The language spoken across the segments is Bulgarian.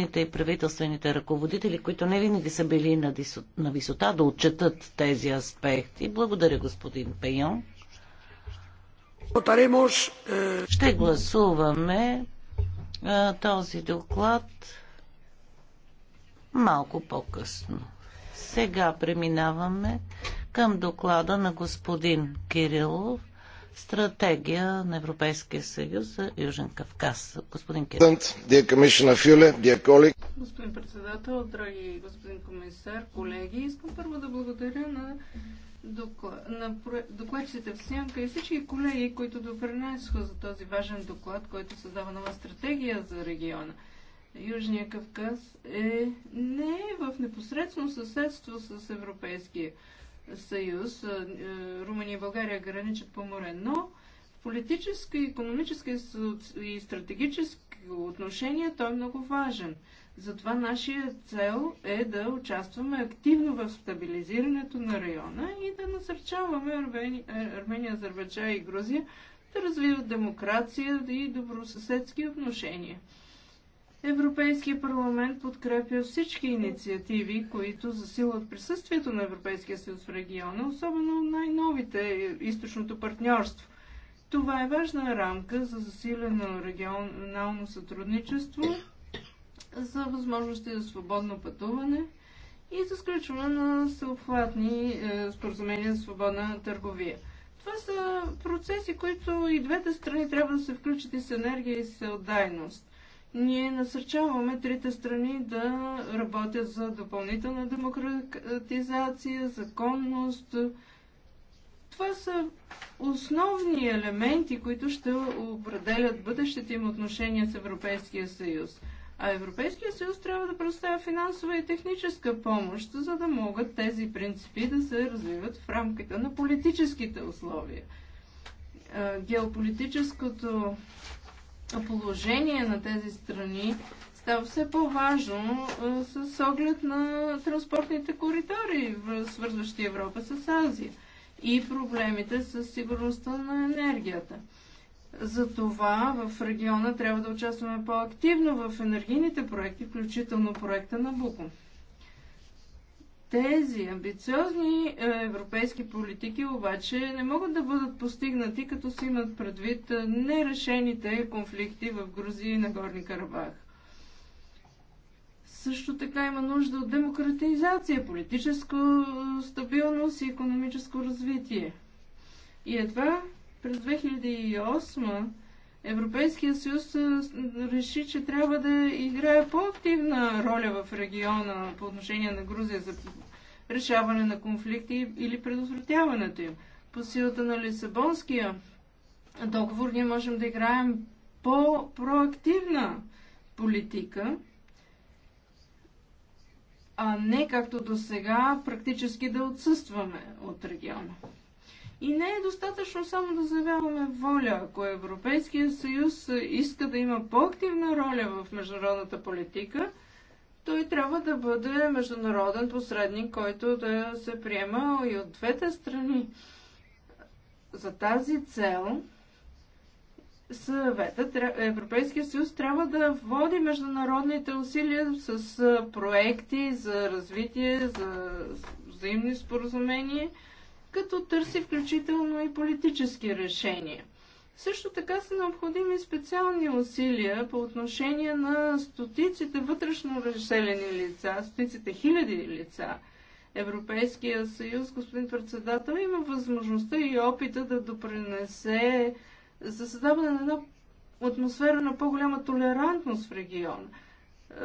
държавните и правителствените ръководители, които не винаги са били на, дисо... на висота да отчетат тези аспекти. Благодаря, господин Пейон. Е, Ще гласуваме а, е, този доклад малко по-късно. Сега преминаваме към доклада на господин Кирилов стратегия на Европейския съюз за Южен Кавказ. Господин Кирилов. Господин председател, драги господин комисар, колеги, искам първо да благодаря на, доклад, на докладчиците в Сянка и всички колеги, които допринесоха за този важен доклад, който създава нова стратегия за региона. Южния Кавказ е не е в непосредствено съседство с Европейския съюз. Е, Румъния и България граничат по море, но в политическо, економическо и стратегическо отношение той е много важен. Затова нашия цел е да участваме активно в стабилизирането на района и да насърчаваме Армения, е, Армения Азербайджан и Грузия да развиват демокрация и добросъседски отношения. Европейския парламент подкрепя всички инициативи, които засилват присъствието на Европейския съюз в региона, особено най-новите източното партньорство. Това е важна рамка за засилено регионално сътрудничество, за възможности за свободно пътуване и за сключване на съобхватни е, споразумения за свободна търговия. Това са процеси, които и двете страни трябва да се включат и с енергия и с отдайност ние насърчаваме трите страни да работят за допълнителна демократизация, законност. Това са основни елементи, които ще определят бъдещите им отношения с Европейския съюз. А Европейския съюз трябва да представя финансова и техническа помощ, за да могат тези принципи да се развиват в рамките на политическите условия. Е, геополитическото положение на тези страни става все по-важно с оглед на транспортните коридори, свързващи Европа с Азия и проблемите с сигурността на енергията. Затова в региона трябва да участваме по-активно в енергийните проекти, включително проекта на Буко. Тези амбициозни е, европейски политики обаче не могат да бъдат постигнати, като се имат предвид е, нерешените конфликти в Грузия и Горни Карабах. Също така има нужда от демократизация, политическа е, стабилност и економическо развитие. И едва през 2008 Европейския съюз реши, че трябва да играе по-активна роля в региона по отношение на Грузия за решаване на конфликти или предотвратяването им. По силата на Лисабонския договор ние можем да играем по-проактивна политика, а не както до сега практически да отсъстваме от региона. И не е достатъчно само да заявяваме воля. Ако Европейския съюз иска да има по-активна роля в международната политика, той трябва да бъде международен посредник, който да се приема и от двете страни. За тази цел съвета, Европейския съюз трябва да води международните усилия с проекти за развитие, за взаимни споразумения – като търси включително и политически решения. Също така са необходими специални усилия по отношение на стотиците вътрешно разселени лица, стотиците хиляди лица. Европейския съюз, господин председател, има възможността и опита да допринесе за създаване на една атмосфера на по-голяма толерантност в региона. Е,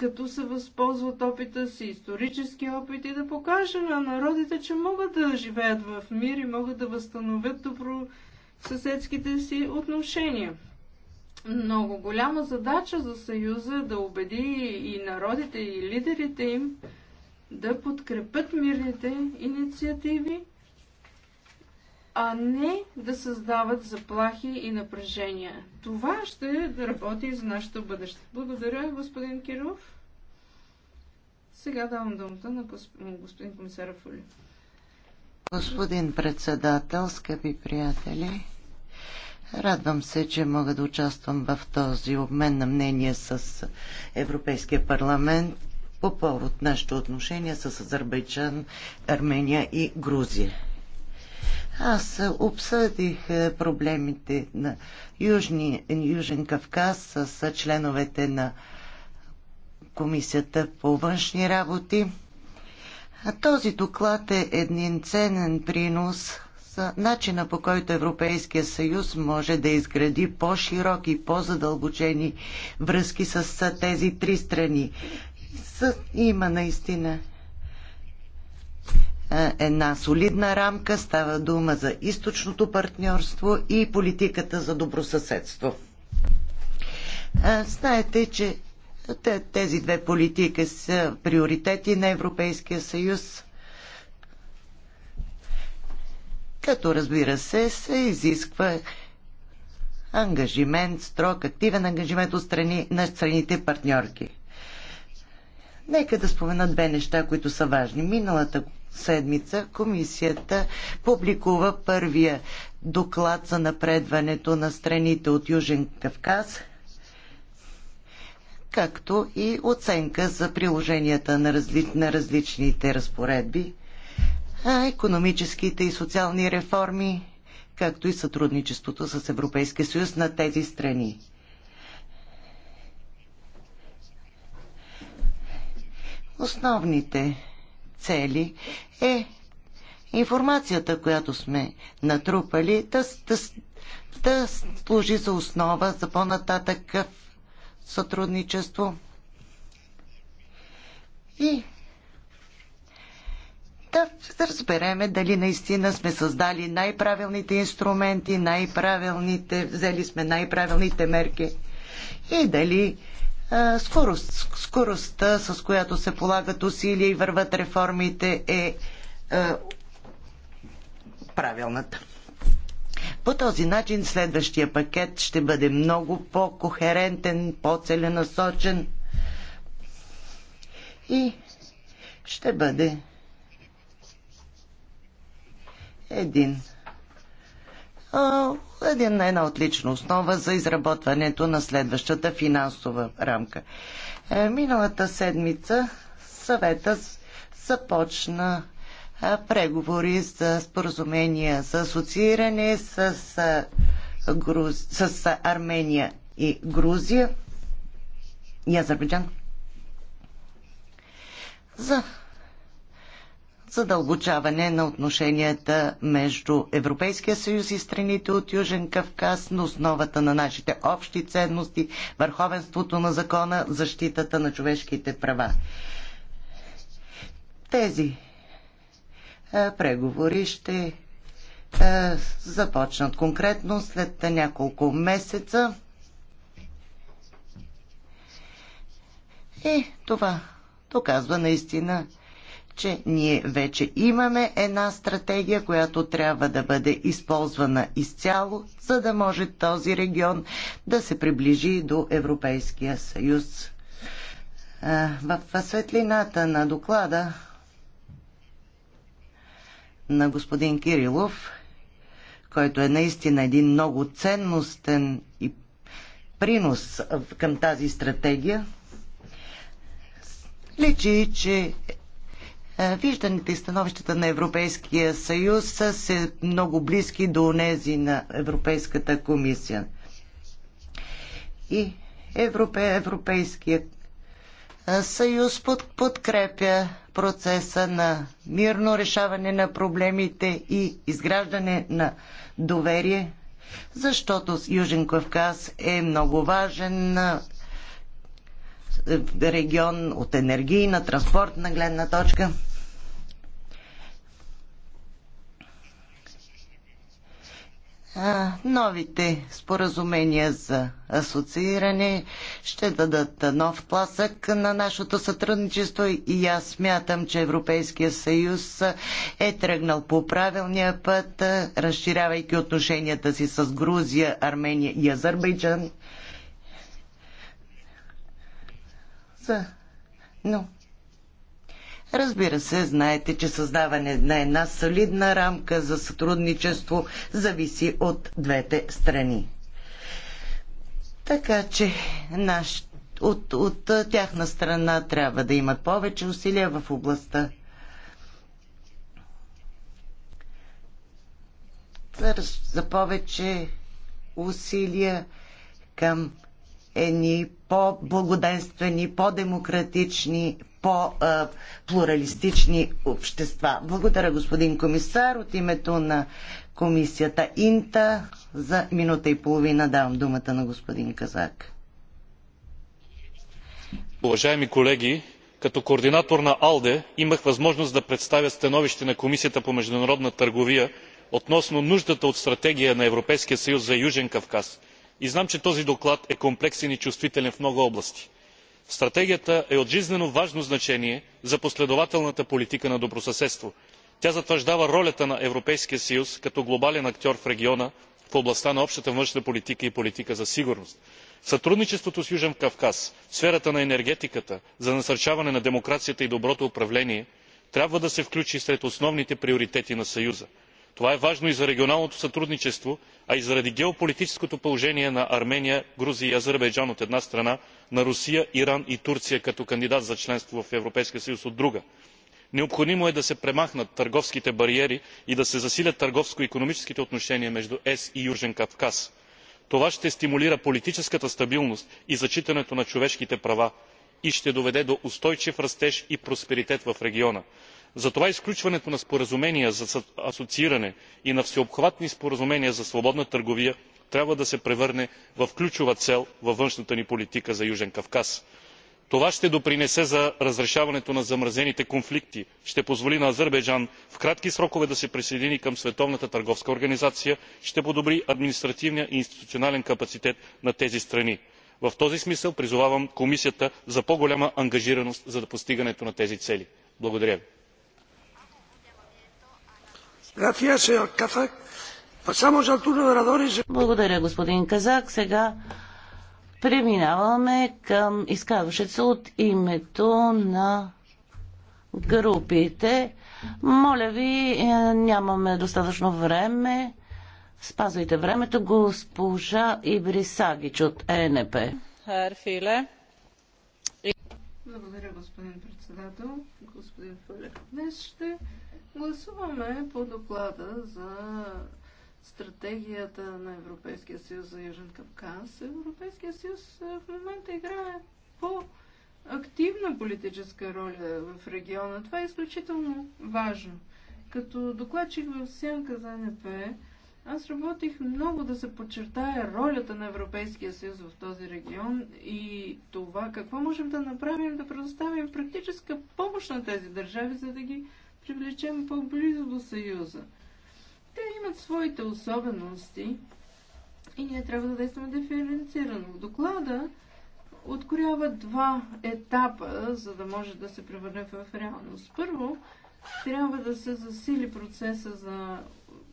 като се възползват опита си, исторически опит и да покаже на народите, че могат да живеят в мир и могат да възстановят добро съседските си отношения. Много голяма задача за Съюза е да убеди и народите, и лидерите им да подкрепят мирните инициативи а не да създават заплахи и напрежения. Това ще работи за нашето бъдеще. Благодаря, господин Киров. Сега давам думата на господин комисар Фули. Господин председател, скъпи приятели, радвам се, че мога да участвам в този обмен на мнение с Европейския парламент по повод нашето отношение с Азербайджан, Армения и Грузия. Аз обсъдих е, проблемите на Южни, Южен Кавказ с е, членовете на Комисията по външни работи. А този доклад е един ценен принос за начина по който Европейския съюз може да изгради по-широки, по-задълбочени връзки с е, тези три страни. Има наистина е, една солидна рамка. Става дума за източното партньорство и политиката за добросъседство. Е, знаете, че тези две политики са приоритети на Европейския съюз. Като разбира се, се изисква ангажимент, строг, активен ангажимент от страни, на страните партньорки. Нека да спомена две неща, които са важни. Миналата седмица комисията публикува първия доклад за напредването на страните от Южен Кавказ, както и оценка за приложенията на, разли... на различните разпоредби, а економическите и социални реформи, както и сътрудничеството с Европейския съюз на тези страни. Основните цели е информацията, която сме натрупали, да, да, да служи за основа за по-нататък сътрудничество и да разбереме дали наистина сме създали най-правилните инструменти, най-правилните, взели сме най-правилните мерки и дали скорост, скоростта, с която се полагат усилия и върват реформите е, е правилната. По този начин следващия пакет ще бъде много по-кохерентен, по-целенасочен и ще бъде един един, една отлична основа за изработването на следващата финансова рамка. Е, миналата седмица съвета започна преговори за споразумения за асоцииране с, Груз... с Армения и Грузия и Азербайджан за задълбочаване на отношенията между Европейския съюз и страните от Южен Кавказ на основата на нашите общи ценности, върховенството на закона, защитата на човешките права. Тези преговори ще започнат конкретно след няколко месеца. И това доказва наистина че ние вече имаме една стратегия, която трябва да бъде използвана изцяло, за да може този регион да се приближи до Европейския съюз. В светлината на доклада на господин Кирилов, който е наистина един много ценностен и принос към тази стратегия, личи, че е, вижданите и становищата на Европейския съюз са се много близки до нези на Европейската комисия. И Европе, Европейския е, съюз под, подкрепя процеса на мирно решаване на проблемите и изграждане на доверие, защото Южен Кавказ е много важен е, регион от енергийна, транспортна гледна точка. новите споразумения за асоцииране ще дадат нов пласък на нашето сътрудничество и аз смятам, че Европейския съюз е тръгнал по правилния път, разширявайки отношенията си с Грузия, Армения и Азербайджан. За... Но Разбира се, знаете, че създаване на една солидна рамка за сътрудничество зависи от двете страни. Така че наш, от, от тяхна страна трябва да имат повече усилия в областта за повече усилия към едни по-благоденствени, по-демократични, по-плуралистични общества. Благодаря, господин комисар. От името на комисията Инта за минута и половина давам думата на господин Казак. Уважаеми колеги, като координатор на алде имах възможност да представя становище на комисията по международна търговия относно нуждата от стратегия на европейския съюз за южен кавказ и знам че този доклад е комплексен и чувствителен в много области стратегията е от жизнено важно значение за последователната политика на добросъседство. тя затвърждава ролята на европейския съюз като глобален актьор в региона в областта на общата външна политика и политика за сигурност. сътрудничеството с южен кавказ в сферата на енергетиката за насърчаване на демокрацията и доброто управление трябва да се включи сред основните приоритети на съюза това е важно и за регионалното сътрудничество а и заради геополитическото положение на армения грузия и азербайджан от една страна на русия иран и турция като кандидат за членство в европейския съюз от друга. необходимо е да се премахнат търговските бариери и да се засилят търговско икономическите отношения между ес и южен кавказ. това ще стимулира политическата стабилност и зачитането на човешките права и ще доведе до устойчив растеж и просперитет в региона затова и сключването на споразумения за асоцииране и на всеобхватни споразумения за свободна търговия трябва да се превърне в ключова цел във външната ни политика за южен кавказ. това ще допринесе за разрешаването на замразените конфликти ще позволи на азербайджан в кратки срокове да се присъедини към световната търговска организация ще подобри административния и институционален капацитет на тези страни. в този смисъл призовавам комисията за по голяма ангажираност за постигането на тези цели. благодаря ви. Благодаря, господин Казак. Сега преминаваме към изказващите се от името на групите. Моля ви, е, нямаме достатъчно време. Спазвайте времето, госпожа Ибрисагич от ЕНП. Благодаря, господин председател. Господин Фулев, днес ще Гласуваме по доклада за стратегията на Европейския съюз за Южен Кавказ. Европейския съюз е, в момента играе по активна политическа роля в региона. Това е изключително важно. Като докладчик в Сянка за НП, аз работих много да се подчертая ролята на Европейския съюз в този регион и това какво можем да направим да предоставим практическа помощ на тези държави, за да ги привлечем по-близо до Съюза. Те имат своите особености и ние трябва да действаме диференцирано. В доклада откорява два етапа, за да може да се превърне в реалност. Първо, трябва да се засили процеса за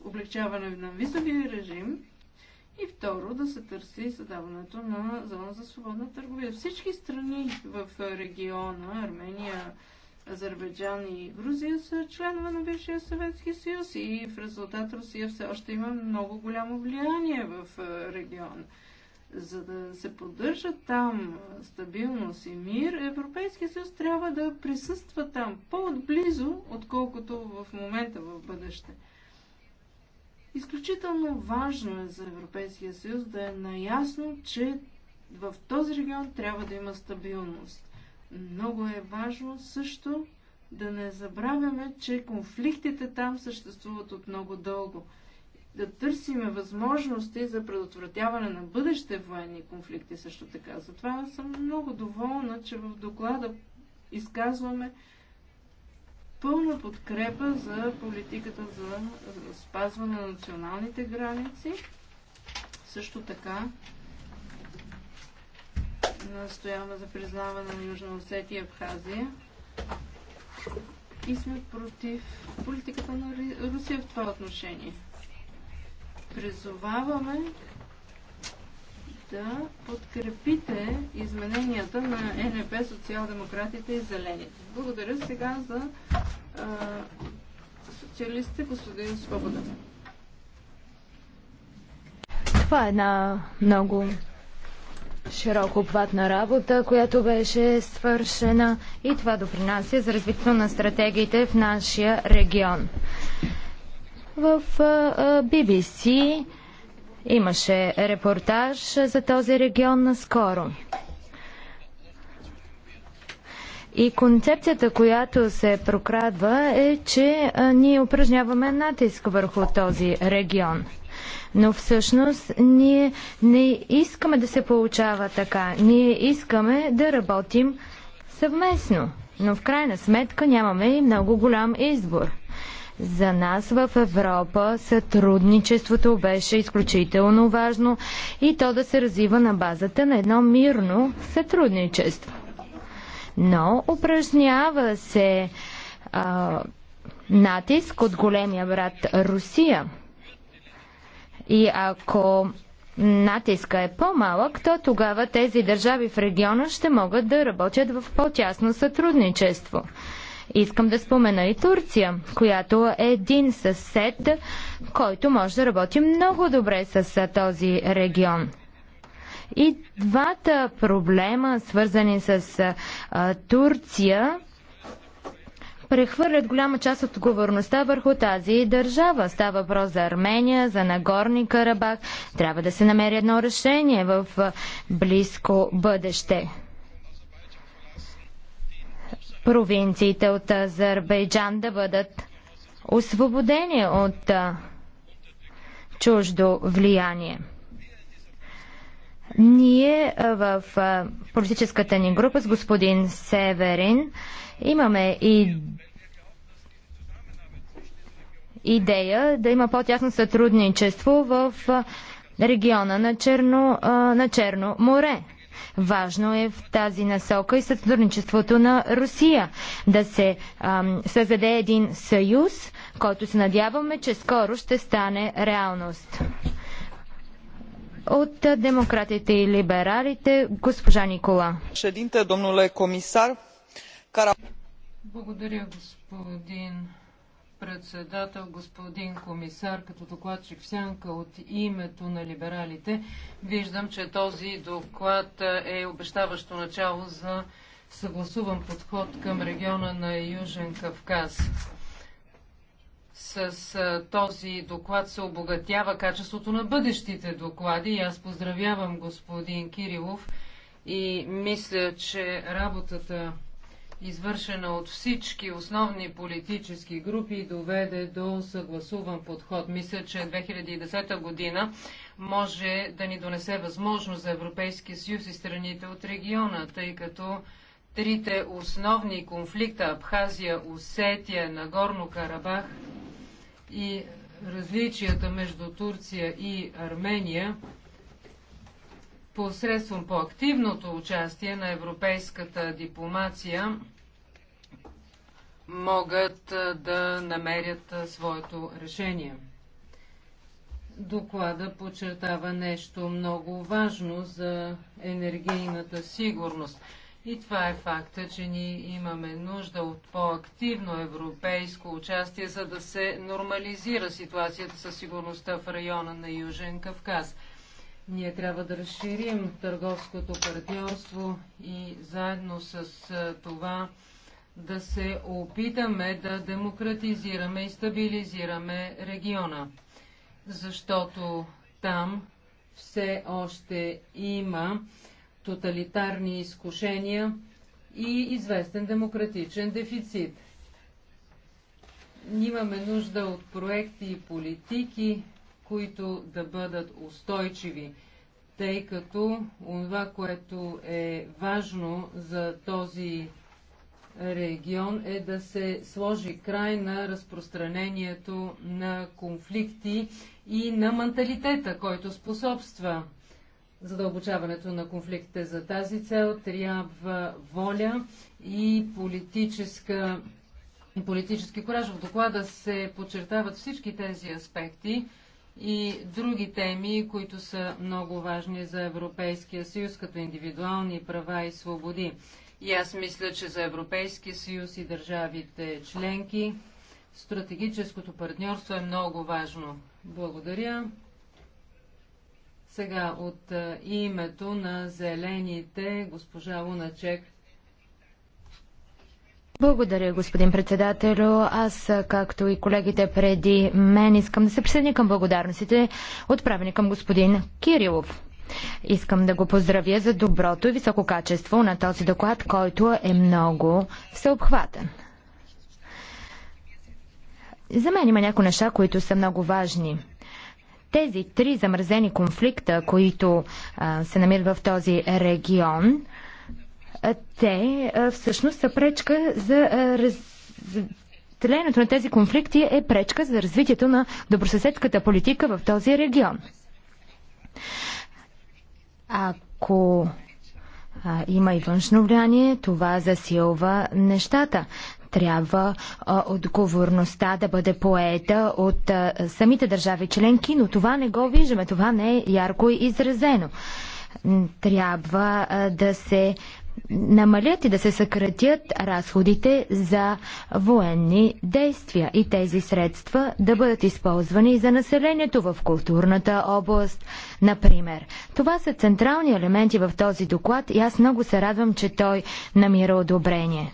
облегчаване на визовия режим и второ, да се търси създаването на зона за свободна търговия. Всички страни в региона, Армения, Азербайджан и Грузия са членове на бившия Съветски съюз и в резултат Русия все още има много голямо влияние в региона. За да се поддържа там стабилност и мир, Европейския съюз трябва да присъства там по-отблизо, отколкото в момента в бъдеще. Изключително важно е за Европейския съюз да е наясно, че в този регион трябва да има стабилност. Много е важно също да не забравяме, че конфликтите там съществуват от много дълго. Да търсиме възможности за предотвратяване на бъдещите военни конфликти също така. Затова съм много доволна, че в доклада изказваме пълна подкрепа за политиката за, за спазване на националните граници. Също така настояваме за признаване на Южна Осетия и Абхазия. И сме против политиката на Русия в това отношение. Призоваваме да подкрепите измененията на НП, социал-демократите и зелените. Благодаря сега за а, социалистите, господин Свобода. Това е една много широко обхватна работа, която беше свършена и това допринася за развитието на стратегиите в нашия регион. В BBC имаше репортаж за този регион наскоро. И концепцията, която се прокрадва е, че ние упражняваме натиск върху този регион. Но всъщност ние не искаме да се получава така. Ние искаме да работим съвместно. Но в крайна сметка нямаме и много голям избор. За нас в Европа сътрудничеството беше изключително важно и то да се развива на базата на едно мирно сътрудничество. Но упражнява се а, натиск от големия брат Русия. И ако натиска е по-малък, то тогава тези държави в региона ще могат да работят в по-тясно сътрудничество. Искам да спомена и Турция, която е един съсед, който може да работи много добре с този регион. И двата проблема, свързани с а, Турция, прехвърлят голяма част от отговорността върху тази държава. Става въпрос за Армения, за Нагорни Карабах. Трябва да се намери едно решение в близко бъдеще. Провинциите от Азербайджан да бъдат освободени от чуждо влияние. Ние в политическата ни група с господин Северин имаме и идея да има по-тясно сътрудничество в региона на Черно, на Черно море. Важно е в тази насока и сътрудничеството на Русия да се ам, създаде един съюз, който се надяваме, че скоро ще стане реалност. От демократите и либералите, госпожа Никола. Шединте, домнуле комисар. Кара... Благодаря, господин председател, господин комисар, като докладчик сянка от името на либералите. Виждам, че този доклад е обещаващо начало за съгласуван подход към региона на Южен Кавказ с, този доклад се обогатява качеството на бъдещите доклади и аз поздравявам господин Кирилов и мисля, че работата, извършена от всички основни политически групи, доведе до съгласуван подход. Мисля, че 2010 година може да ни донесе възможност за Европейския съюз и страните от региона, тъй като трите основни конфликта Абхазия, Осетия, Нагорно Карабах и различията между Турция и Армения посредством по-активното участие на европейската дипломация могат да намерят своето решение. Доклада подчертава нещо много важно за енергийната сигурност. И това е факта, че ние имаме нужда от по-активно европейско участие, за да се нормализира ситуацията със сигурността в района на Южен Кавказ. Ние трябва да разширим търговското партньорство и заедно с това да се опитаме да демократизираме и стабилизираме региона, защото там все още има тоталитарни изкушения и известен демократичен дефицит. Имаме нужда от проекти и политики, които да бъдат устойчиви, тъй като това, което е важно за този регион е да се сложи край на разпространението на конфликти и на менталитета, който способства задълбочаването на конфликта За тази цел трябва воля и политическа и политически кораж. В доклада се подчертават всички тези аспекти и други теми, които са много важни за Европейския съюз, като индивидуални права и свободи. И аз мисля, че за Европейския съюз и държавите членки стратегическото партньорство е много важно. Благодаря. Сега от името на зелените госпожа Луначек благодаря, господин председател. Аз, както и колегите преди мен, искам да се присъединя към благодарностите, отправени към господин Кирилов. Искам да го поздравя за доброто и високо качество на този доклад, който е много всеобхватен. За мен има някои неща, които са много важни. Тези три замразени конфликта, които а, се намират в този регион, а, те а, всъщност са пречка за разделението на тези конфликти е пречка за развитието на добросъседската политика в този регион. Ако а, има и външно влияние, това засилва нещата трябва а, отговорността да бъде поета от а, самите държави членки, но това не го виждаме, това не е ярко изразено. Трябва а, да се намалят и да се съкратят разходите за военни действия и тези средства да бъдат използвани за населението в културната област, например. Това са централни елементи в този доклад и аз много се радвам, че той намира одобрение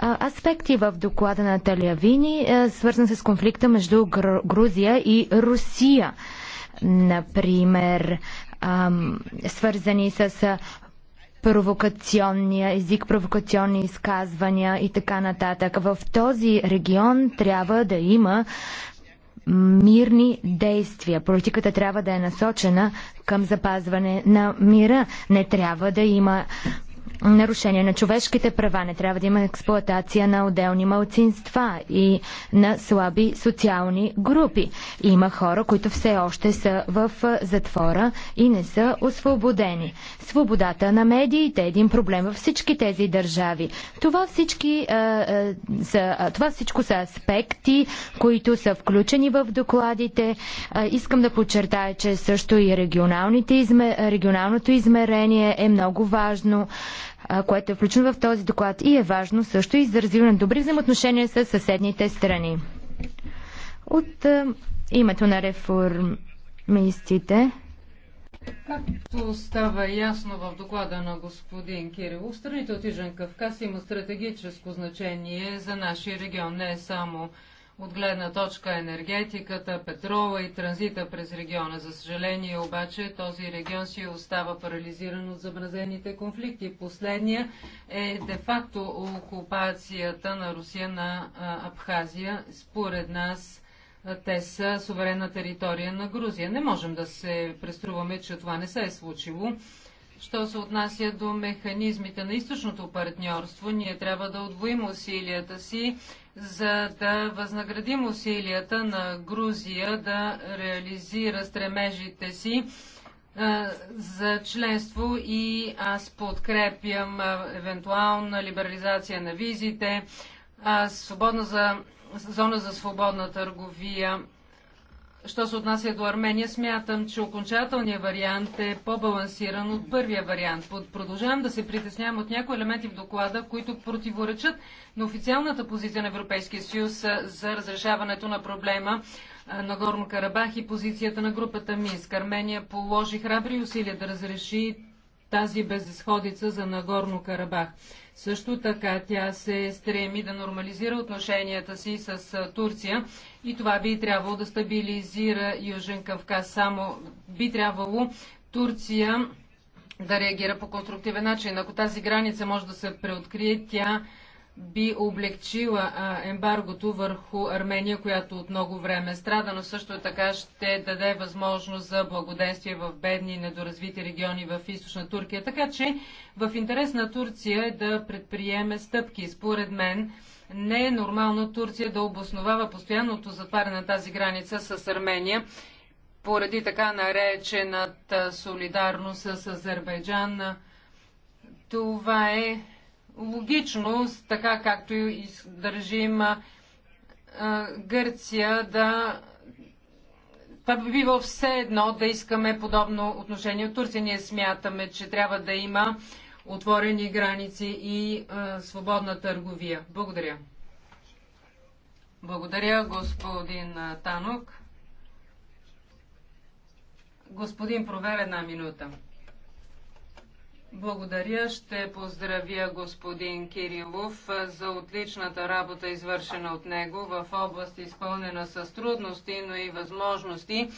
аспекти в доклада на Талявини, е, свързан с конфликта между Грузия и Русия. Например, свързани с провокационния език, провокационни изказвания и така нататък. В този регион трябва да има мирни действия. Политиката трябва да е насочена към запазване на мира. Не трябва да има нарушение на човешките права, не трябва да има експлоатация на отделни малцинства и на слаби социални групи. Има хора, които все още са в затвора и не са освободени. Свободата на медиите е един проблем във всички тези държави. Това, всички, това всичко са аспекти, които са включени в докладите. искам да подчертая, че също и регионалните изме, регионалното измерение е много важно което е включено в този доклад и е важно също и за развиване на добри взаимоотношения с съседните страни. От името на реформистите. Както става ясно в доклада на господин Кирил, страните от Ижен Кавказ има стратегическо значение за нашия регион, не е само от гледна точка енергетиката, петрола и транзита през региона. За съжаление обаче този регион си остава парализиран от замразените конфликти. Последния е де-факто окупацията на Русия на Абхазия. Според нас те са суверенна територия на Грузия. Не можем да се преструваме, че това не се е случило. Що се отнася до механизмите на източното партньорство, ние трябва да отвоим усилията си за да възнаградим усилията на Грузия да реализира стремежите си за членство и аз подкрепям евентуална либерализация на визите, свободна за, зона за свободна търговия Що се отнася до Армения, смятам, че окончателният вариант е по-балансиран от първия вариант. Продължавам да се притеснявам от някои елементи в доклада, които противоречат на официалната позиция на Европейския съюз за разрешаването на проблема на Горно Карабах и позицията на групата Минск. Армения положи храбри усилия да разреши тази безисходица за Нагорно Карабах. Също така тя се стреми да нормализира отношенията си с Турция и това би трябвало да стабилизира Южен Кавказ. Само би трябвало Турция да реагира по конструктивен начин. Ако тази граница може да се преоткрие, тя би облегчила а, ембаргото върху Армения, която от много време страда, но също така ще даде възможност за благоденствие в бедни и недоразвити региони в източна Турция. Така че в интерес на Турция е да предприеме стъпки. Според мен не е нормално Турция да обосновава постоянното затваряне на тази граница с Армения поради така наречената солидарност с Азербайджан. Това е Логично, така както и държим Гърция да. Това би било все едно да искаме подобно отношение от Турция. Ние смятаме, че трябва да има отворени граници и а, свободна търговия. Благодаря. Благодаря, господин Танок. Господин Провер, една минута. Благодаря. Ще поздравя господин Кирилов за отличната работа, извършена от него в област, изпълнена с трудности, но и възможности.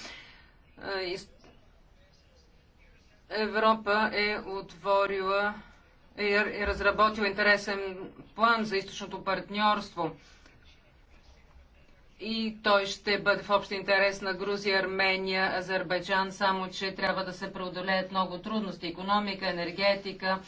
Европа е отворила и е, е разработила интересен план за източното партньорство и той ще бъде в общ интерес на Грузия, Армения, Азербайджан, само че трябва да се преодолеят много трудности. Економика, енергетика,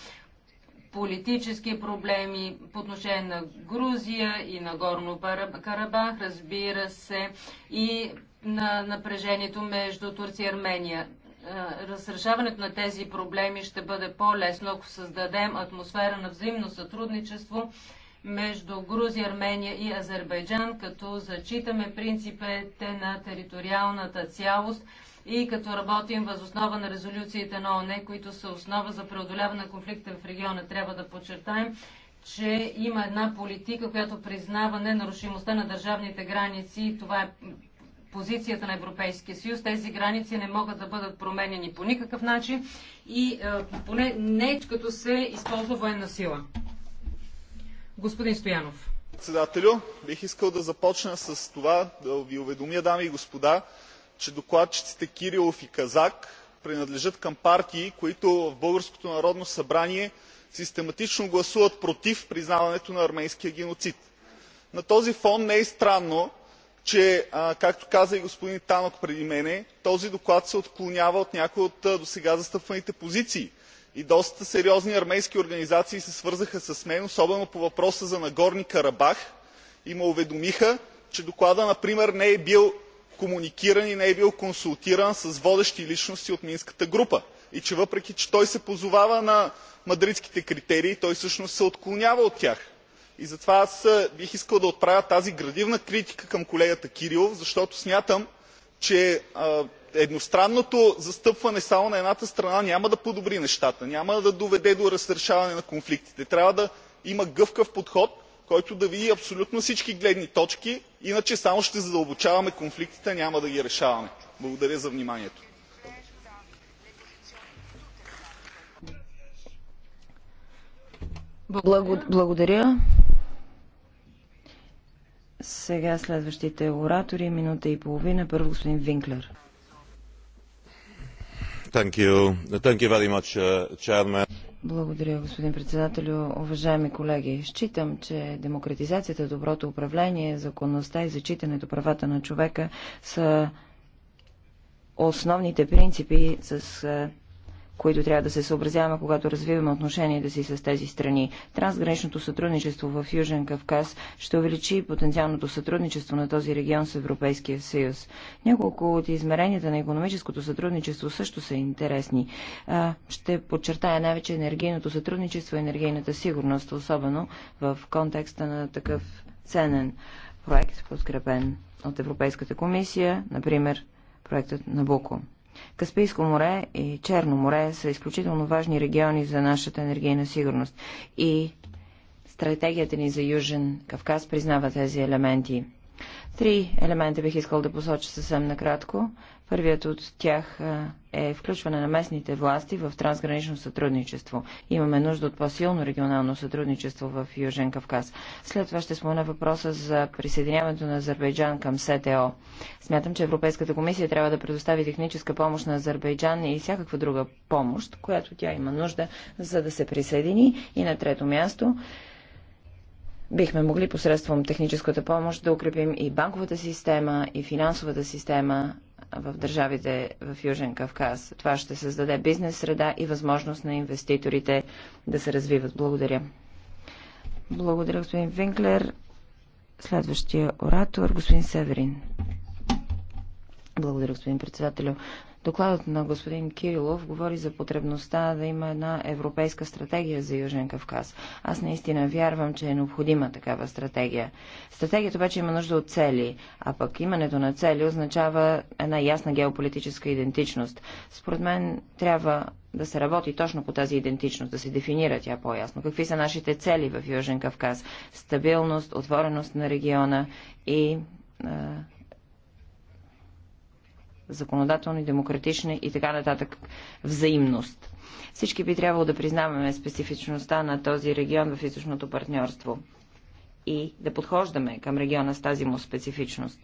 политически проблеми по отношение на Грузия и на Горно Карабах, разбира се, и на напрежението между Турция и Армения. Е, разрешаването на тези проблеми ще бъде по-лесно, ако създадем атмосфера на взаимно сътрудничество между Грузия, Армения и Азербайджан, като зачитаме принципите на териториалната цялост и като работим въз основа на резолюциите на ОНЕ, които са основа за преодоляване на конфликта в региона. Трябва да подчертаем, че има една политика, която признава ненарушимостта на държавните граници. Това е позицията на Европейския съюз. Тези граници не могат да бъдат променени по никакъв начин и е, поне не като се използва военна сила. Господин Стоянов. Председателю, бих искал да започна с това да ви уведомя, дами и господа, че докладчиците Кирилов и Казак принадлежат към партии, които в Българското народно събрание систематично гласуват против признаването на арменския геноцид. На този фон не е странно, че, както каза и господин Танок преди мене, този доклад се отклонява от някои от досега застъпваните позиции и доста сериозни арменски организации се свързаха с мен особено по въпроса за нагорни карабах и ме уведомиха че докладът например не е бил комуникиран и не е бил консултиран с водещи личности от минската група и че въпреки че той се позовава на мадридските критерии той всъщност се отклонява от тях. затова аз бих искал да отправя тази градивна критика към колегата кирилов защото смятам че едностранното застъпване само на едната страна няма да подобри нещата няма да доведе до разрешаване на конфликтите. трябва да има гъвкав подход който да види абсолютно всички гледни точки иначе само ще задълбочаваме конфликтите а няма да ги решаваме. благодаря за вниманието. Сега следващите оратори. Минута и половина. Първо господин Винклер. Uh, Благодаря, господин председателю. Уважаеми колеги, считам, че демократизацията, доброто управление, законността и зачитането правата на човека са основните принципи, с които трябва да се съобразяваме, когато развиваме отношенията си с тези страни. Трансграничното сътрудничество в Южен Кавказ ще увеличи потенциалното сътрудничество на този регион с Европейския съюз. Няколко от измеренията на економическото сътрудничество също са интересни. Ще подчертая най-вече енергийното сътрудничество и енергийната сигурност, особено в контекста на такъв ценен проект, подкрепен от Европейската комисия, например проектът Набуко. Каспийско море и Черно море са изключително важни региони за нашата енергийна сигурност и стратегията ни за Южен Кавказ признава тези елементи. Три елемента бих искал да посоча съвсем накратко. Първият от тях е включване на местните власти в трансгранично сътрудничество. Имаме нужда от по-силно регионално сътрудничество в Южен Кавказ. След това ще спомена въпроса за присъединяването на Азербайджан към СТО. Смятам, че Европейската комисия трябва да предостави техническа помощ на Азербайджан и всякаква друга помощ, която тя има нужда, за да се присъедини. И на трето място бихме могли посредством техническата помощ да укрепим и банковата система, и финансовата система в държавите в Южен Кавказ. Това ще създаде бизнес среда и възможност на инвеститорите да се развиват. Благодаря. Благодаря, господин Винклер. Следващия оратор, господин Северин. Благодаря, господин председателю. Докладът на господин Кирилов говори за потребността да има една европейска стратегия за Южен Кавказ. Аз наистина вярвам, че е необходима такава стратегия. Стратегията обаче има нужда от цели, а пък имането на цели означава една ясна геополитическа идентичност. Според мен трябва да се работи точно по тази идентичност, да се дефинира тя по-ясно. Какви са нашите цели в Южен Кавказ? Стабилност, отвореност на региона и законодателни, демократични и така нататък взаимност. Всички би трябвало да признаваме специфичността на този регион в източното партньорство и да подхождаме към региона с тази му специфичност.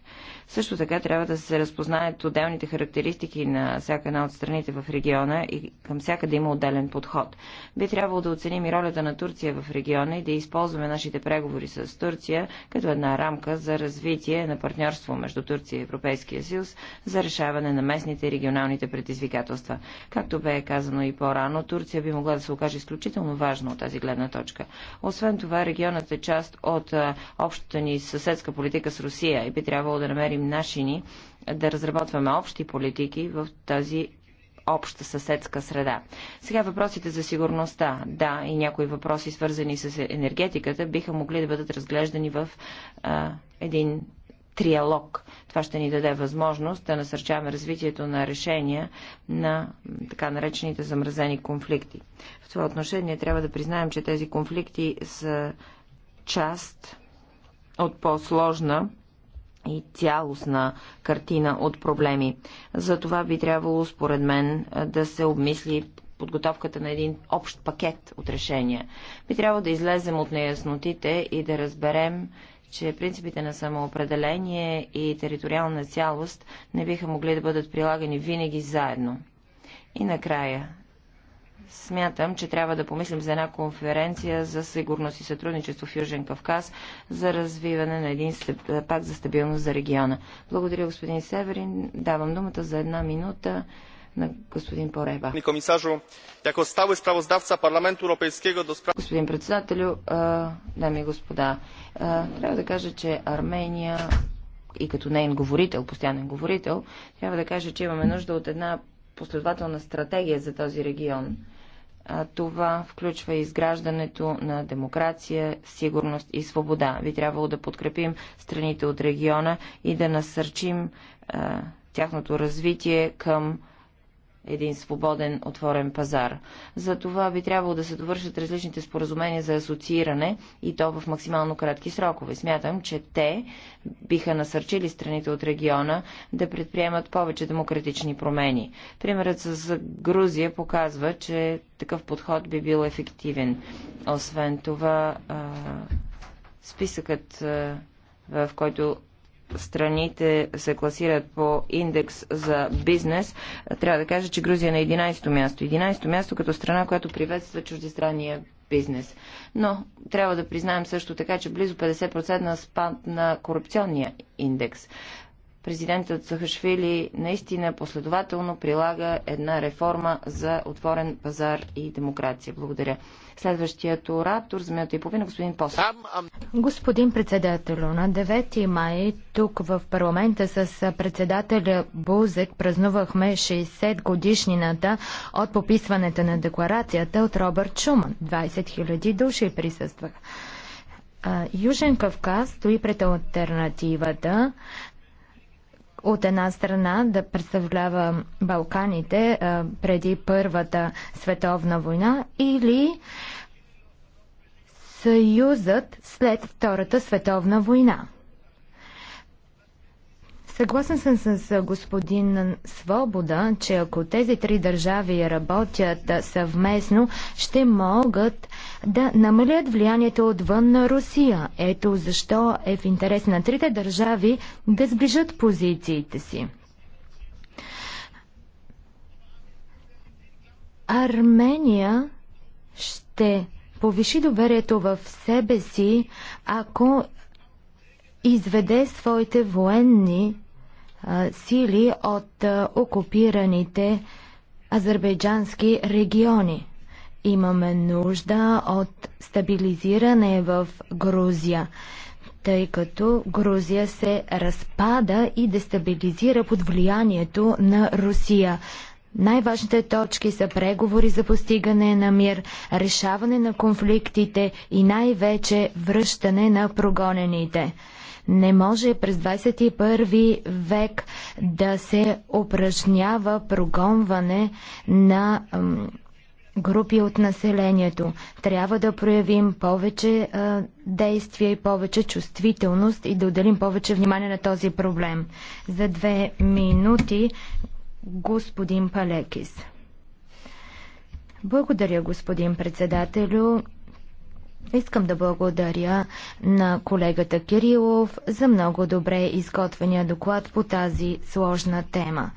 Също така трябва да се разпознаят отделните характеристики на всяка една от страните в региона и към всяка да има отделен подход. Би трябвало да оценим и ролята на Турция в региона и да използваме нашите преговори с Турция като една рамка за развитие на партньорство между Турция и Европейския съюз за решаване на местните и регионалните предизвикателства. Както бе казано и по-рано, Турция би могла да се окаже изключително важна от тази гледна точка. Освен това, регионът е част от от общата ни съседска политика с Русия и би трябвало да намерим начини да разработваме общи политики в тази обща съседска среда. Сега въпросите за сигурността. Да, и някои въпроси, свързани с енергетиката, биха могли да бъдат разглеждани в а, един триалог. Това ще ни даде възможност да насърчаваме развитието на решения на така наречените замразени конфликти. В това отношение трябва да признаем, че тези конфликти са част от по-сложна и цялостна картина от проблеми. За това би трябвало, според мен, да се обмисли подготовката на един общ пакет от решения. Би трябва да излезем от неяснотите и да разберем, че принципите на самоопределение и териториална цялост не биха могли да бъдат прилагани винаги заедно. И накрая, Смятам, че трябва да помислим за една конференция за сигурност и сътрудничество в Южен Кавказ за развиване на един пакт за стабилност за региона. Благодаря, господин Северин. Давам думата за една минута на господин Пореба. Господин председателю, дами и господа, трябва да кажа, че Армения и като нейн говорител, постоянен говорител, трябва да кажа, че имаме нужда от една последователна стратегия за този регион това включва изграждането на демокрация, сигурност и свобода. Би трябвало да подкрепим страните от региона и да насърчим а, тяхното развитие към един свободен отворен пазар. За това би трябвало да се довършат различните споразумения за асоцииране и то в максимално кратки срокове. Смятам, че те биха насърчили страните от региона да предприемат повече демократични промени. Примерът с Грузия показва, че такъв подход би бил ефективен. Освен това, списъкът в който страните се класират по индекс за бизнес, трябва да кажа, че Грузия е на 11-то място. 11-то място като страна, която приветства чуждестранния бизнес. Но трябва да признаем също така, че близо 50% спад на корупционния индекс президентът Сахашвили наистина последователно прилага една реформа за отворен пазар и демокрация. Благодаря. Следващият оратор за минута и половина, господин Пос. Господин председател, на 9 май тук в парламента с председателя Бузек празнувахме 60 годишнината от пописването на декларацията от Робърт Шуман. 20 000 души присъстваха. Южен Кавказ стои пред альтернативата от една страна да представлява Балканите а, преди Първата световна война или Съюзът след Втората световна война. Съгласен съм с господин Свобода, че ако тези три държави работят съвместно, ще могат да намалят влиянието отвън на Русия. Ето защо е в интерес на трите държави да сближат позициите си. Армения ще повиши доверието в себе си, ако изведе своите военни сили от окупираните азербайджански региони. Имаме нужда от стабилизиране в Грузия, тъй като Грузия се разпада и дестабилизира под влиянието на Русия. Най-важните точки са преговори за постигане на мир, решаване на конфликтите и най-вече връщане на прогонените. Не може през 21 век да се упражнява прогонване на групи от населението. Трябва да проявим повече а, действия и повече чувствителност и да отделим повече внимание на този проблем. За две минути господин Палекис. Благодаря, господин председателю. Искам да благодаря на колегата Кирилов за много добре изготвения доклад по тази сложна тема.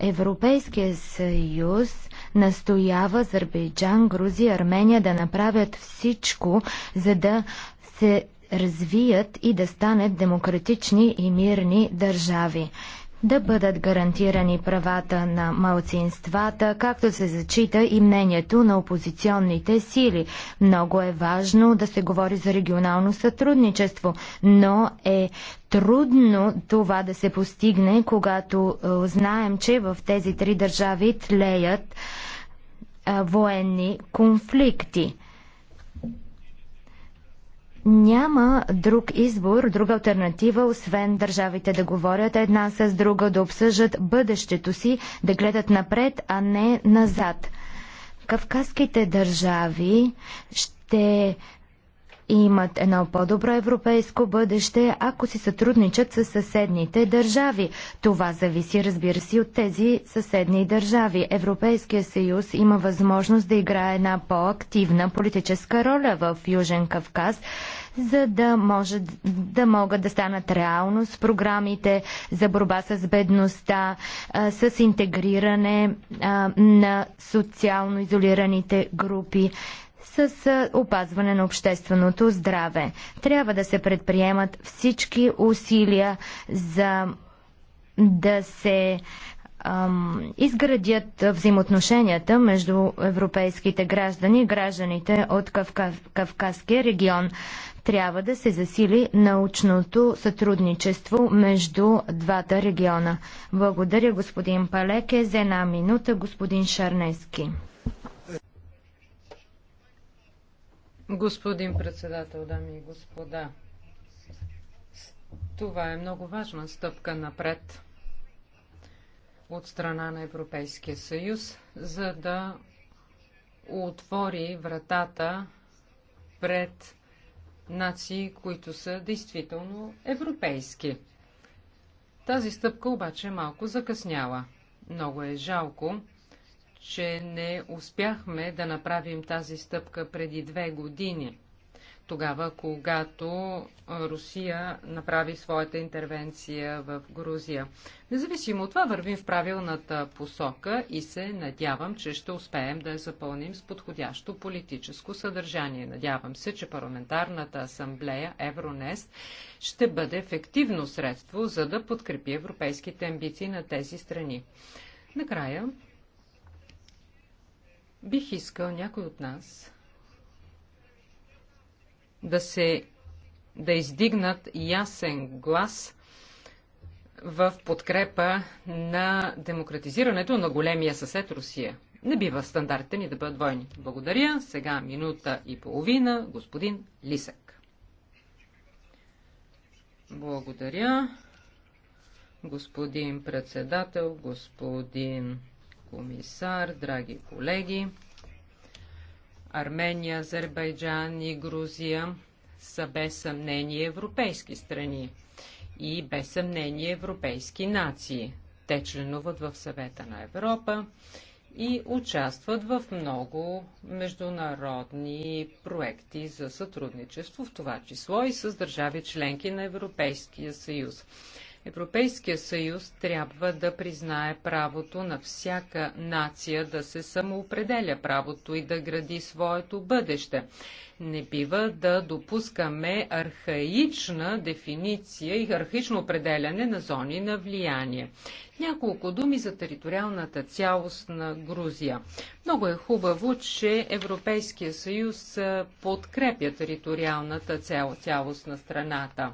Европейския съюз настоява Азербайджан, Грузия, Армения да направят всичко, за да се развият и да станат демократични и мирни държави да бъдат гарантирани правата на малцинствата, както се зачита и мнението на опозиционните сили. Много е важно да се говори за регионално сътрудничество, но е трудно това да се постигне, когато е, знаем, че в тези три държави тлеят е, военни конфликти няма друг избор, друга альтернатива, освен държавите да говорят една с друга, да обсъждат бъдещето си, да гледат напред, а не назад. Кавказските държави ще и имат едно по-добро европейско бъдеще, ако си сътрудничат с съседните държави. Това зависи, разбира се, от тези съседни държави. Европейския съюз има възможност да играе една по-активна политическа роля в Южен Кавказ за да, може, да могат да станат реалност програмите за борба с бедността, а, с интегриране а, на социално изолираните групи с опазване на общественото здраве. Трябва да се предприемат всички усилия за да се ам, изградят взаимоотношенията между европейските граждани и гражданите от Кавказския регион. Трябва да се засили научното сътрудничество между двата региона. Благодаря господин Палеке за една минута господин Шарнески. Господин председател, дами и господа, това е много важна стъпка напред от страна на Европейския съюз, за да отвори вратата пред нации, които са действително европейски. Тази стъпка обаче е малко закъсняла. Много е жалко, че не успяхме да направим тази стъпка преди две години, тогава, когато Русия направи своята интервенция в Грузия. Независимо от това, вървим в правилната посока и се надявам, че ще успеем да я запълним с подходящо политическо съдържание. Надявам се, че парламентарната асамблея Евронест ще бъде ефективно средство, за да подкрепи европейските амбиции на тези страни. Накрая, Бих искал някой от нас да се да издигнат ясен глас в подкрепа на демократизирането на големия съсед Русия. Не бива стандартите ни да бъдат двойни. Благодаря. Сега минута и половина, господин Лисък. Благодаря, господин председател, господин комисар, драги колеги, Армения, Азербайджан и Грузия са без съмнение европейски страни и без съмнение европейски нации. Те членуват в съвета на Европа и участват в много международни проекти за сътрудничество, в това число и с държави членки на Европейския съюз. Европейския съюз трябва да признае правото на всяка нация да се самоопределя правото и да гради своето бъдеще. Не бива да допускаме архаична дефиниция и архаично определяне на зони на влияние. Няколко думи за териториалната цялост на Грузия. Много е хубаво, че Европейския съюз подкрепя териториалната цялост на страната.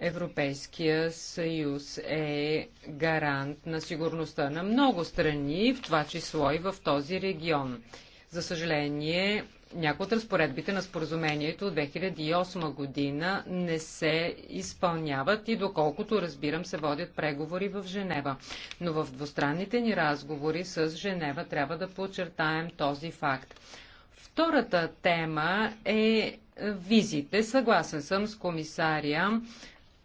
Европейския съюз е гарант на сигурността на много страни, в това число и в този регион. За съжаление, някои от разпоредбите на споразумението от 2008 година не се изпълняват и доколкото разбирам се водят преговори в Женева. Но в двустранните ни разговори с Женева трябва да подчертаем този факт. Втората тема е визите. Съгласен съм с комисария.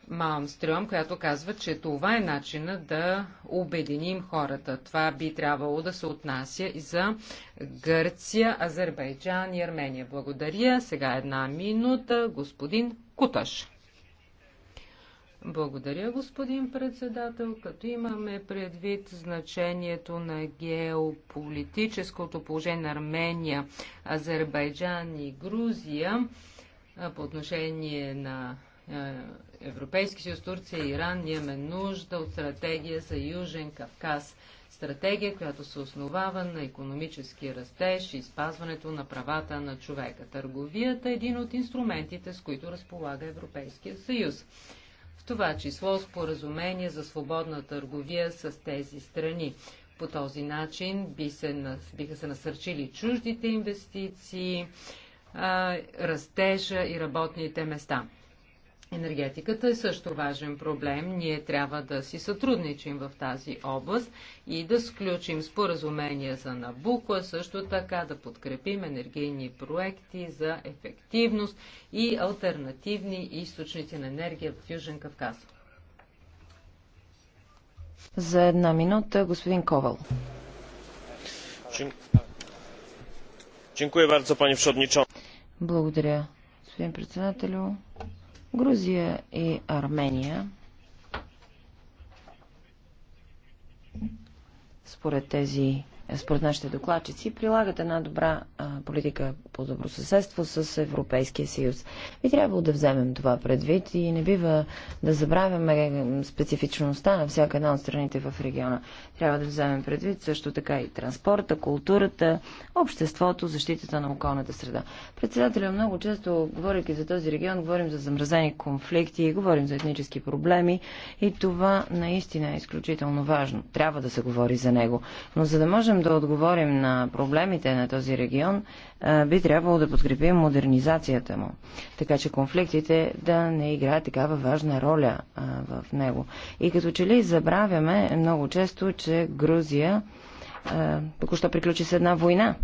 Малмстрюм, която казва, че това е начина да обединим хората. Това би трябвало да се отнася и за Гърция, Азербайджан и Армения. Благодаря. Сега една минута. Господин Куташ. Благодаря, господин председател. Като имаме предвид значението на геополитическото положение на Армения, Азербайджан и Грузия по отношение на Европейски съюз, Турция и Иран, ние имаме нужда от стратегия за Южен Кавказ. Стратегия, която се основава на економически растеж и спазването на правата на човека. Търговията е един от инструментите, с които разполага Европейския съюз. В това число споразумение за свободна търговия с тези страни. По този начин би се, биха се насърчили чуждите инвестиции, растежа и работните места. Енергетиката е също важен проблем. Ние трябва да си сътрудничим в тази област и да сключим споразумения за Набуко, а също така да подкрепим енергийни проекти за ефективност и альтернативни източници на енергия в Южен Кавказ. За една минута господин Ковал. Благодаря, господин председателю. Грузия и Армения според тези според нашите докладчици, прилагат една добра а, политика по добросъседство с Европейския съюз. И трябва да вземем това предвид и не бива да забравяме специфичността на всяка една от страните в региона. Трябва да вземем предвид също така и транспорта, културата, обществото, защитата на околната среда. Председателя много често, говоряки за този регион, говорим за замразени конфликти, говорим за етнически проблеми и това наистина е изключително важно. Трябва да се говори за него. Но за да можем да отговорим на проблемите на този регион, би трябвало да подкрепим модернизацията му, така че конфликтите да не играят такава важна роля в него. И като че ли забравяме много често, че Грузия току-що приключи с една война.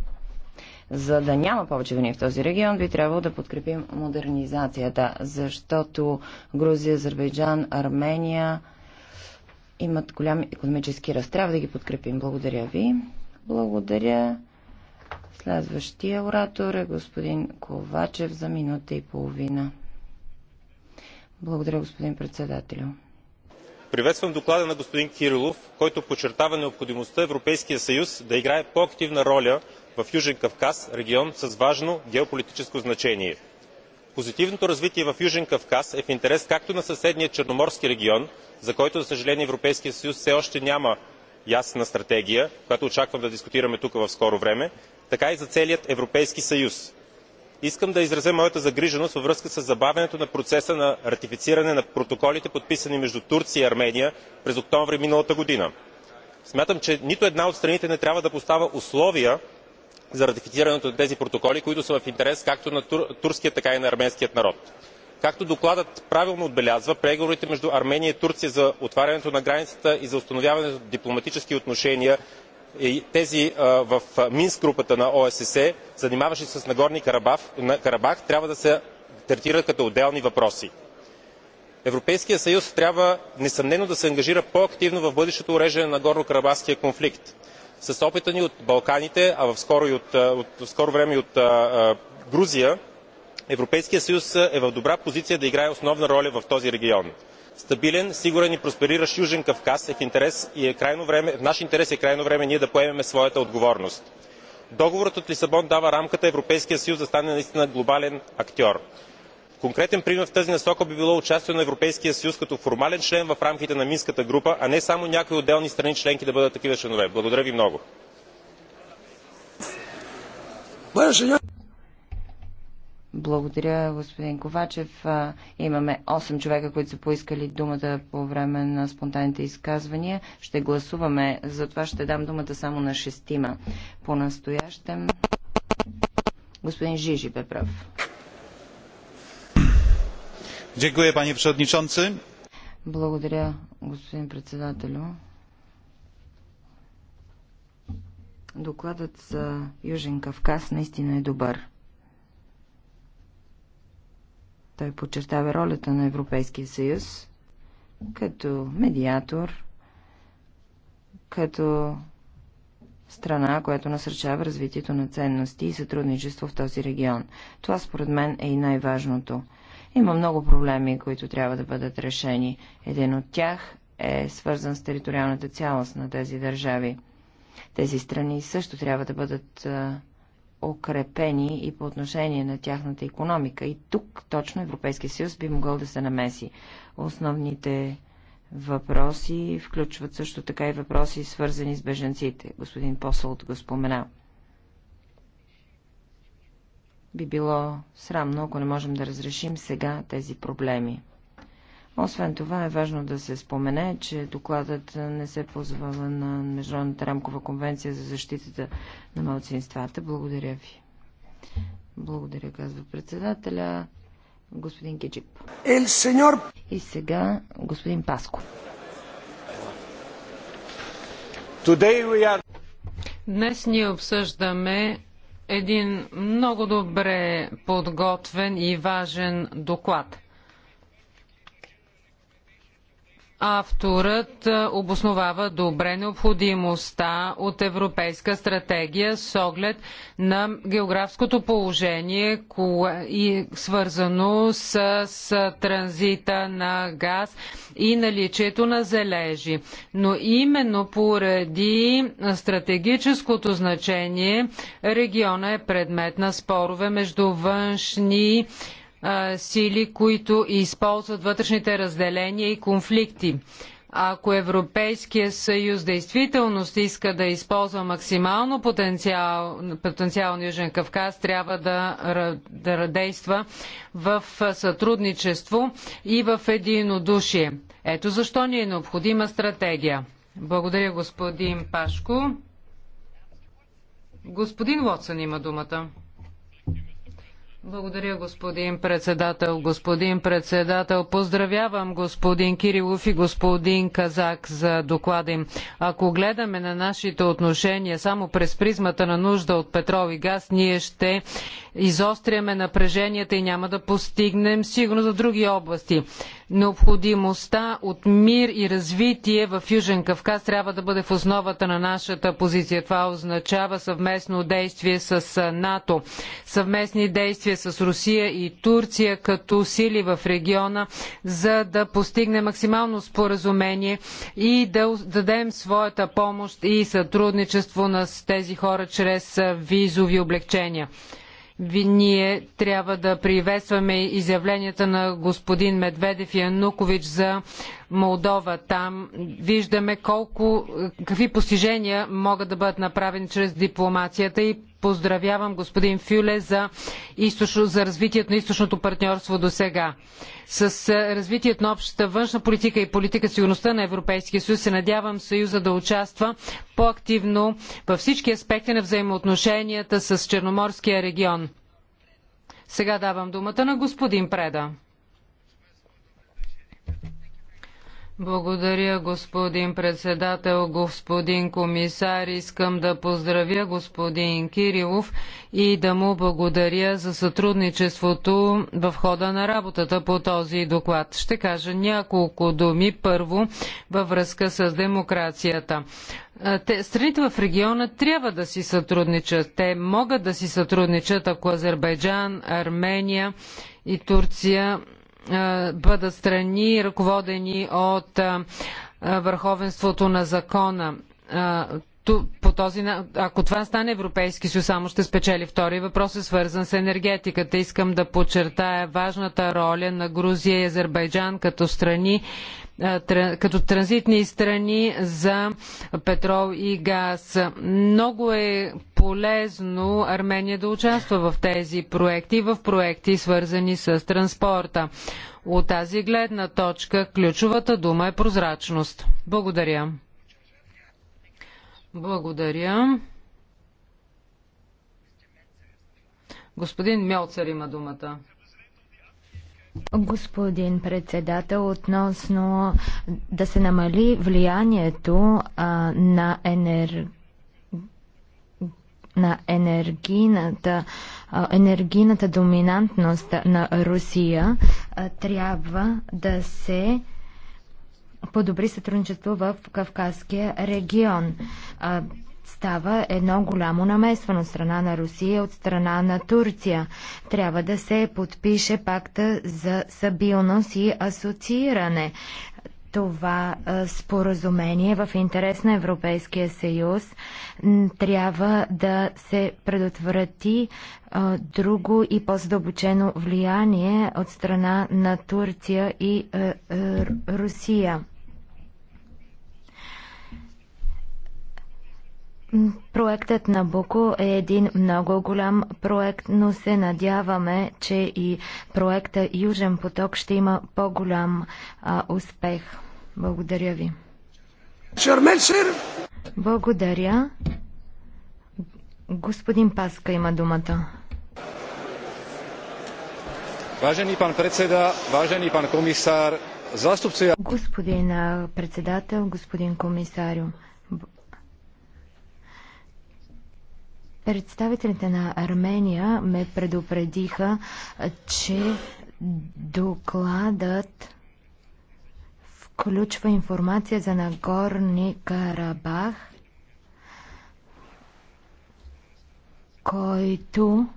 За да няма повече вини в този регион, би трябвало да подкрепим модернизацията, защото Грузия, Азербайджан, Армения имат голям економически ръст. Трябва да ги подкрепим. Благодаря ви. Благодаря. Следващия оратор е господин Ковачев за минута и половина. Благодаря, господин председателю. Приветствам доклада на господин Кирилов, който подчертава необходимостта Европейския съюз да играе по-активна роля в Южен Кавказ, регион с важно геополитическо значение. Позитивното развитие в Южен Кавказ е в интерес както на съседния Черноморски регион, за който, за съжаление, Европейския съюз все още няма ясна стратегия която очаквам да дискутираме тук в скоро време така и за целия европейски съюз. искам да изразя моята загриженост във връзка със забавянето на процеса на ратифициране на протоколите подписани между турция и армения през октомври миналата година. смятам че нито една от страните не трябва да поставя условия за ратифицирането на тези протоколи които са в интерес както на турския така и на арменския народ както докладът правилно отбелязва преговорите между армения и турция за отварянето на границата и за установяването на дипломатически отношения тези в минск групата на осце занимаващи се с нагорни карабах трябва да се третират като отделни въпроси. европейският съюз трябва несъмнено да се ангажира по активно в бъдещото уреждане на карабахския конфликт. с опита ни от балканите а в скоро време и от грузия европейският съюз е в добра позиция да играе основна роля в този регион. стабилен сигурен и проспериращ южен кавказ е в наш интерес и е крайно време е ние да поемем своята отговорност. договорът от лисабон дава рамката европейският съюз да стане наистина глобален актьор. конкретен пример в тази насока би било участието на европейския съюз като формален член в рамките на минската група а не само някои отделни страни членки да бъдат такива членове. благодаря ви много. Благодаря, господин Ковачев. Имаме 8 човека, които са поискали думата по време на спонтанните изказвания. Ще гласуваме, затова ще дам думата само на шестима. По-настоящем господин Жижи бе прав. Дякую, пани председничонци. Благодаря, господин председателю. Докладът за Южен Кавказ наистина е добър. Той подчертава ролята на Европейския съюз като медиатор, като страна, която насърчава развитието на ценности и сътрудничество в този регион. Това според мен е и най-важното. Има много проблеми, които трябва да бъдат решени. Един от тях е свързан с териториалната цялост на тези държави. Тези страни също трябва да бъдат а, укрепени и по отношение на тяхната економика. И тук точно Европейския съюз би могъл да се намеси. Основните въпроси включват също така и въпроси, свързани с беженците. Господин Посолт го спомена. Би било срамно, ако не можем да разрешим сега тези проблеми. Освен това е важно да се спомене, че докладът не се позвава на Международната рамкова конвенция за защитата на малцинствата. Благодаря ви. Благодаря, казва председателя. Господин Кичип. Ел сеньор... И сега господин Паско. Днес ние обсъждаме един много добре подготвен и важен доклад. Авторът обосновава добре необходимостта от европейска стратегия с оглед на географското положение и свързано с, с транзита на газ и наличието на залежи. Но именно поради стратегическото значение региона е предмет на спорове между външни и сили, които използват вътрешните разделения и конфликти. Ако Европейския съюз действително иска да използва максимално потенциал, потенциал на Южен Кавказ, трябва да, да действа в сътрудничество и в единодушие. Ето защо ни е необходима стратегия. Благодаря, господин Пашко. Господин Лотсън има думата. Благодаря, господин председател. Господин председател, поздравявам господин Кирилов и господин Казак за доклада им. Ако гледаме на нашите отношения само през призмата на нужда от петрол и газ, ние ще изостряме напреженията и няма да постигнем сигурност в други области. Необходимостта от мир и развитие в Южен Кавказ трябва да бъде в основата на нашата позиция. Това означава съвместно действие с НАТО, съвместни действия с Русия и Турция като сили в региона, за да постигне максимално споразумение и да дадем своята помощ и сътрудничество на тези хора чрез визови облегчения ние трябва да приветстваме изявленията на господин Медведев и Янукович за Молдова. Там виждаме колко, какви постижения могат да бъдат направени чрез дипломацията и поздравявам господин Фюле за, източно, за развитието на източното партньорство до сега. С развитието на общата външна политика и политика сигурността на Европейския съюз се надявам Съюза да участва по-активно във всички аспекти на взаимоотношенията с Черноморския регион. Сега давам думата на господин Преда. Благодаря, господин председател, господин комисар. Искам да поздравя господин Кирилов и да му благодаря за сътрудничеството в хода на работата по този доклад. Ще кажа няколко думи първо във връзка с демокрацията. Те, страните в региона трябва да си сътрудничат. Те могат да си сътрудничат, ако Азербайджан, Армения и Турция бъдат страни, ръководени от върховенството на закона по този, ако това стане Европейски съюз, само ще спечели. Втори въпрос е свързан с енергетиката. Искам да подчертая важната роля на Грузия и Азербайджан като страни, като транзитни страни за петрол и газ. Много е полезно Армения да участва в тези проекти и в проекти свързани с транспорта. От тази гледна точка ключовата дума е прозрачност. Благодаря. Благодаря. Господин Мелцер има думата. Господин председател, относно да се намали влиянието а, на, енер... на енергийната, а, енергийната доминантност на Русия, а, трябва да се а, подобри сътрудничество в Кавказския регион. А, става едно голямо намесване от страна на Русия, от страна на Турция. Трябва да се подпише пакта за стабилност и асоцииране това споразумение в интерес на Европейския съюз трябва да се предотврати друго и по-задълбочено влияние от страна на Турция и Русия. Проектът на Буко е един много голям проект, но се надяваме, че и проекта Южен поток ще има по-голям успех. Благодаря ви. Благодаря. Господин Паска има думата. Vážený pán predseda, vážený pán komisár, zástupcovia... Господин председател, господин комисарю, Представителите на Армения ме предупредиха, че докладът включва информация за Нагорни Карабах, който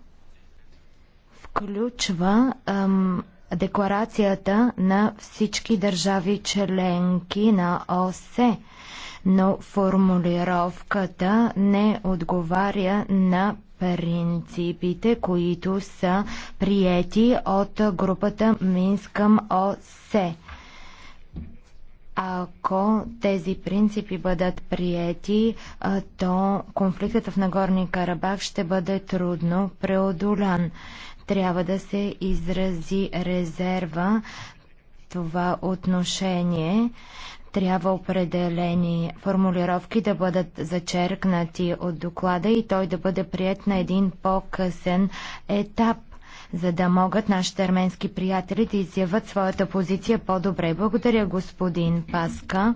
включва ам, декларацията на всички държави членки на ОСЕ но формулировката не отговаря на принципите, които са приети от групата Минскъм ОСЕ. Ако тези принципи бъдат приети, то конфликтът в Нагорни Карабах ще бъде трудно преодолян. Трябва да се изрази резерва това отношение трябва определени формулировки да бъдат зачеркнати от доклада и той да бъде прият на един по-късен етап за да могат нашите арменски приятели да изяват своята позиция по-добре. Благодаря, господин Паска.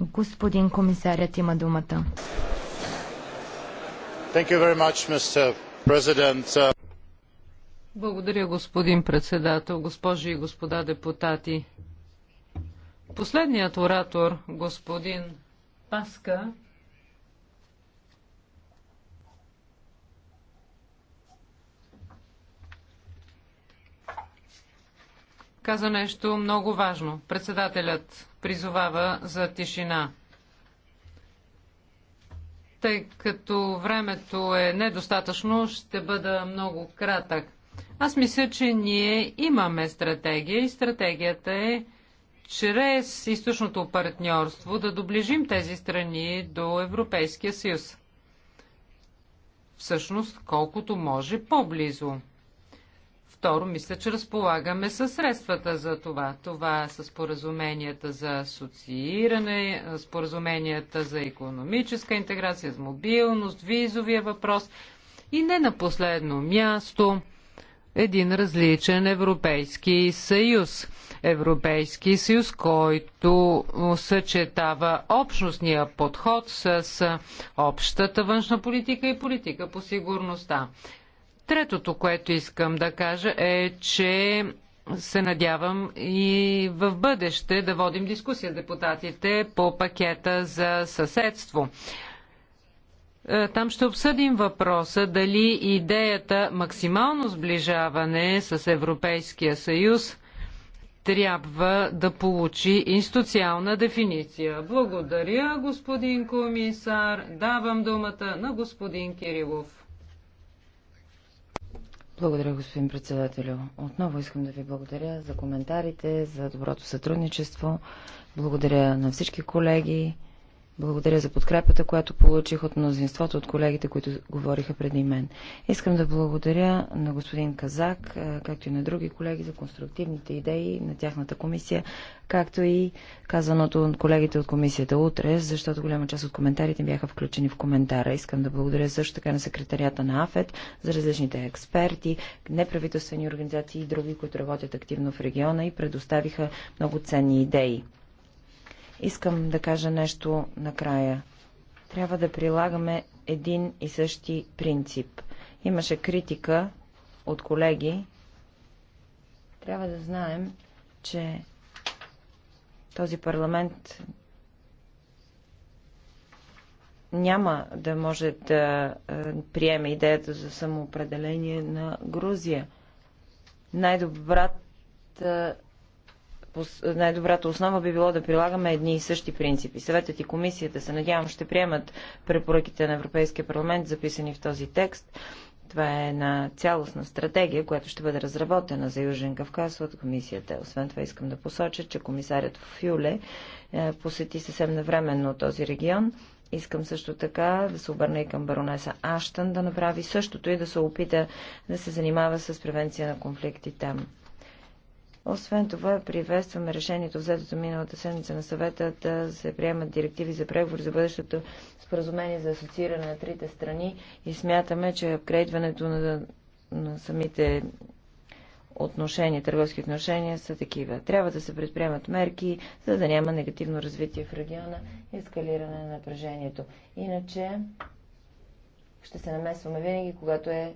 Господин комисарят има думата. Much, Благодаря, господин председател, госпожи и господа депутати. Последният оратор, господин Паска, каза нещо много важно. Председателят призовава за тишина. Тъй като времето е недостатъчно, ще бъда много кратък. Аз мисля, че ние имаме стратегия и стратегията е чрез източното партньорство да доближим тези страни до Европейския съюз. Всъщност, колкото може по-близо. Второ, мисля, че разполагаме със средствата за това. Това са споразуменията за асоцииране, споразуменията за економическа интеграция, с мобилност, визовия въпрос и не на последно място – един различен Европейски съюз. Европейски съюз, който съчетава общностния подход с общата външна политика и политика по сигурността. Третото, което искам да кажа е, че се надявам и в бъдеще да водим дискусия с депутатите по пакета за съседство. Е, там ще обсъдим въпроса дали идеята максимално сближаване с Европейския съюз трябва да получи институциална дефиниция. Благодаря, господин комисар. Давам думата на господин Кирилов. Благодаря, господин председателю. Отново искам да ви благодаря за коментарите, за доброто сътрудничество. Благодаря на всички колеги благодаря за подкрепата, която получих от мнозинството от колегите, които говориха преди мен. Искам да благодаря на господин Казак, както и на други колеги за конструктивните идеи на тяхната комисия, както и казаното от колегите от комисията утре, защото голяма част от коментарите бяха включени в коментара. Искам да благодаря също така на секретарията на АФЕД, за различните експерти, неправителствени организации и други, които работят активно в региона и предоставиха много ценни идеи. Искам да кажа нещо накрая. Трябва да прилагаме един и същи принцип. Имаше критика от колеги. Трябва да знаем, че този парламент няма да може да приеме идеята за самоопределение на Грузия. Най-добрата най-добрата основа би било да прилагаме едни и същи принципи. Съветът и комисията се надявам ще приемат препоръките на Европейския парламент, записани в този текст. Това е една цялостна стратегия, която ще бъде разработена за Южен Кавказ от комисията. Освен това искам да посоча, че комисарят Фюле е, посети съвсем навременно този регион. Искам също така да се обърна и към баронеса Аштън да направи същото и да се опита да се занимава с превенция на конфликти там. Освен това, приветстваме решението взетото миналата седмица на съвета да се приемат директиви за преговори за бъдещото споразумение за асоцииране на трите страни и смятаме, че апгрейдването на, на самите отношения, търговски отношения са такива. Трябва да се предприемат мерки, за да няма негативно развитие в региона и ескалиране на напрежението. Иначе ще се намесваме винаги, когато е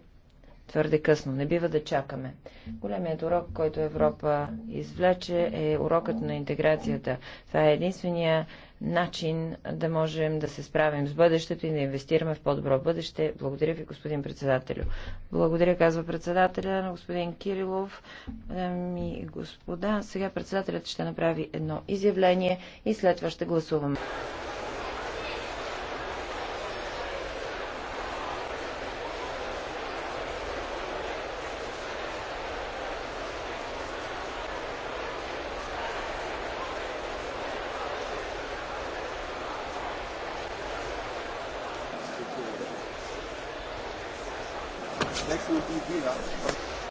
твърде късно. Не бива да чакаме. Големият урок, който Европа извлече, е урокът на интеграцията. Това е единствения начин да можем да се справим с бъдещето и да инвестираме в по-добро бъдеще. Благодаря ви, господин председателю. Благодаря, казва председателя на господин Кирилов. Е, и господа, сега председателят ще направи едно изявление и след това ще гласуваме.